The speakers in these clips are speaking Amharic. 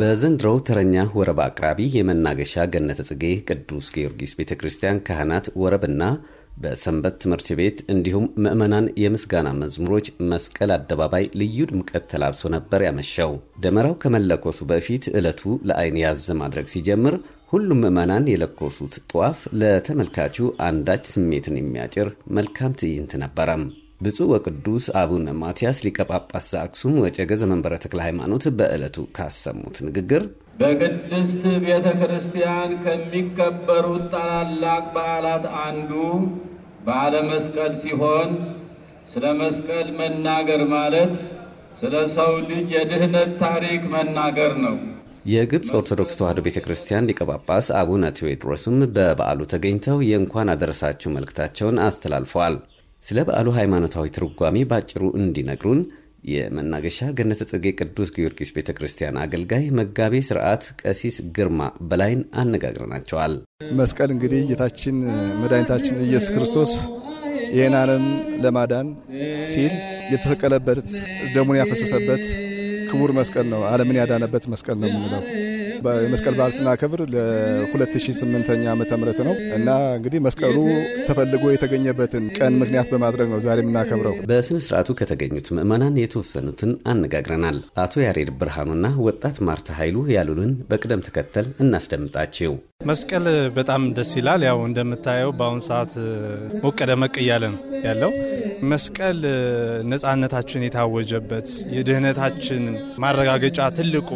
በዘንድሮው ተረኛ ወረብ አቅራቢ የመናገሻ ገነተ ጽጌ ቅዱስ ጊዮርጊስ ቤተ ክርስቲያን ካህናት ወረብና በሰንበት ትምህርት ቤት እንዲሁም ምዕመናን የምስጋና መዝሙሮች መስቀል አደባባይ ልዩ ድምቀት ተላብሶ ነበር ያመሸው። ደመራው ከመለኮሱ በፊት ዕለቱ ለአይን ያዘ ማድረግ ሲጀምር ሁሉም ምዕመናን የለኮሱት ጧፍ ለተመልካቹ አንዳች ስሜትን የሚያጭር መልካም ትዕይንት ነበረም። ብፁዕ ወቅዱስ አቡነ ማትያስ ሊቀ ጳጳስ ዘአክሱም ወጨገ ዘመንበረ ተክለ ሃይማኖት በዕለቱ ካሰሙት ንግግር በቅድስት ቤተ ክርስቲያን ከሚከበሩት ታላላቅ በዓላት አንዱ በዓለ መስቀል ሲሆን ስለ መስቀል መናገር ማለት ስለ ሰው ልጅ የድህነት ታሪክ መናገር ነው። የግብፅ ኦርቶዶክስ ተዋሕዶ ቤተ ክርስቲያን ሊቀ ጳጳስ አቡነ ቴዎድሮስም በበዓሉ ተገኝተው የእንኳን አደረሳችሁ መልእክታቸውን አስተላልፈዋል። ስለ በዓሉ ሃይማኖታዊ ትርጓሜ በአጭሩ እንዲነግሩን የመናገሻ ገነተ ጽጌ ቅዱስ ጊዮርጊስ ቤተ ክርስቲያን አገልጋይ መጋቤ ስርዓት ቀሲስ ግርማ በላይን አነጋግረናቸዋል። መስቀል እንግዲህ ጌታችን መድኃኒታችን ኢየሱስ ክርስቶስ ይህን ዓለም ለማዳን ሲል የተሰቀለበት ደሙን ያፈሰሰበት ክቡር መስቀል ነው። ዓለምን ያዳነበት መስቀል ነው የምንለው የመስቀል በዓል ስናከብር ለ2008ኛ ዓመተ ምህረት ነው እና እንግዲህ መስቀሉ ተፈልጎ የተገኘበትን ቀን ምክንያት በማድረግ ነው ዛሬ የምናከብረው። በስነ ስርዓቱ ከተገኙት ምዕመናን የተወሰኑትን አነጋግረናል። አቶ ያሬድ ብርሃኑና ወጣት ማርታ ኃይሉ ያሉንን በቅደም ተከተል እናስደምጣችው። መስቀል በጣም ደስ ይላል። ያው እንደምታየው በአሁኑ ሰዓት ሞቅ ደመቅ እያለ ነው ያለው። መስቀል ነፃነታችን የታወጀበት የድህነታችን ማረጋገጫ ትልቁ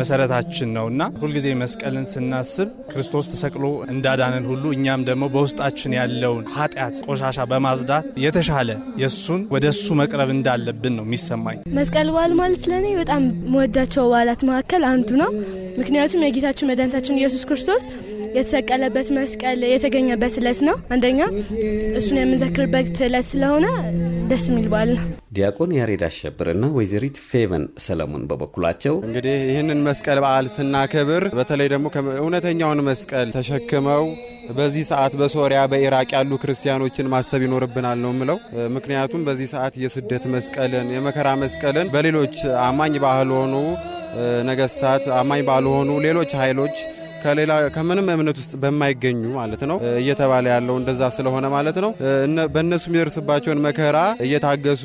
መሰረታችን እና ሁልጊዜ መስቀልን ስናስብ ክርስቶስ ተሰቅሎ እንዳዳንን ሁሉ እኛም ደግሞ በውስጣችን ያለውን ኃጢአት ቆሻሻ በማጽዳት የተሻለ የእሱን ወደ እሱ መቅረብ እንዳለብን ነው የሚሰማኝ። መስቀል በዓል ማለት ለእኔ በጣም መወዳቸው በዓላት መካከል አንዱ ነው። ምክንያቱም የጌታችን መድኃኒታችን ኢየሱስ ክርስቶስ የተሰቀለበት መስቀል የተገኘበት ዕለት ነው። አንደኛ እሱን የምንዘክርበት ዕለት ስለሆነ ደስ የሚል በዓል ነው። ዲያቆን ያሬድ አሸብርና ወይዘሪት ፌቨን ሰለሞን በበኩላቸው እንግዲህ ይህንን መስቀል በዓል ስናከብር በተለይ ደግሞ እውነተኛውን መስቀል ተሸክመው በዚህ ሰዓት በሶሪያ በኢራቅ ያሉ ክርስቲያኖችን ማሰብ ይኖርብናል ነው ምለው። ምክንያቱም በዚህ ሰዓት የስደት መስቀልን የመከራ መስቀልን በሌሎች አማኝ ባልሆኑ ነገስታት አማኝ ባልሆኑ ሌሎች ኃይሎች ከሌላ ከምንም እምነት ውስጥ በማይገኙ ማለት ነው እየተባለ ያለው እንደዛ ስለሆነ ማለት ነው በእነሱ የሚደርስባቸውን መከራ እየታገሱ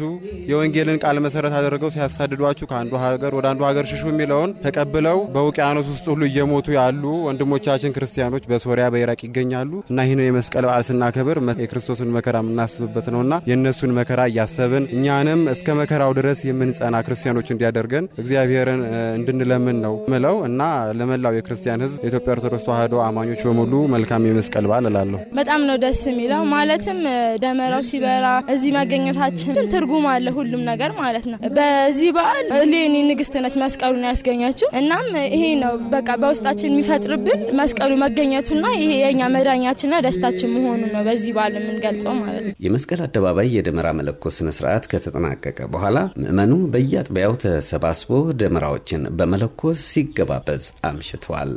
የወንጌልን ቃል መሰረት አድርገው ሲያሳድዷችሁ ከአንዱ ሀገር ወደ አንዱ ሀገር ሽሹ የሚለውን ተቀብለው በውቅያኖስ ውስጥ ሁሉ እየሞቱ ያሉ ወንድሞቻችን ክርስቲያኖች በሶሪያ በኢራቅ ይገኛሉ እና ይህንን የመስቀል በዓል ስናከብር የክርስቶስን መከራ የምናስብበት ነውና የእነሱን መከራ እያሰብን እኛንም እስከ መከራው ድረስ የምንጸና ክርስቲያኖች እንዲያደርገን እግዚአብሔርን እንድንለምን ነው ምለው እና ለመላው የክርስቲያን ህዝብ የኢትዮጵያ ኦርቶዶክስ ተዋሕዶ አማኞች በሙሉ መልካም የመስቀል በዓል እላለሁ። በጣም ነው ደስ የሚለው። ማለትም ደመራው ሲበራ እዚህ መገኘታችን ትርጉም አለ፣ ሁሉም ነገር ማለት ነው። በዚህ በዓል እሌኒ ንግስት ነች መስቀሉን ያስገኘችው። እናም ይሄ ነው በቃ በውስጣችን የሚፈጥርብን መስቀሉ መገኘቱና ይሄ የእኛ መዳኛችንና ደስታችን መሆኑ ነው በዚህ በዓል የምንገልጸው ማለት ነው። የመስቀል አደባባይ የደመራ መለኮስ ስነስርዓት ከተጠናቀቀ በኋላ ምእመኑ በየአጥቢያው ተሰባስቦ ደመራዎችን በመለኮስ ሲገባበዝ አምሽተዋል።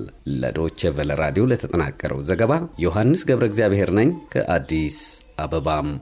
ከዶቼ ቨለ ራዲዮ ለተጠናቀረው ዘገባ ዮሐንስ ገብረ እግዚአብሔር ነኝ ከአዲስ አበባም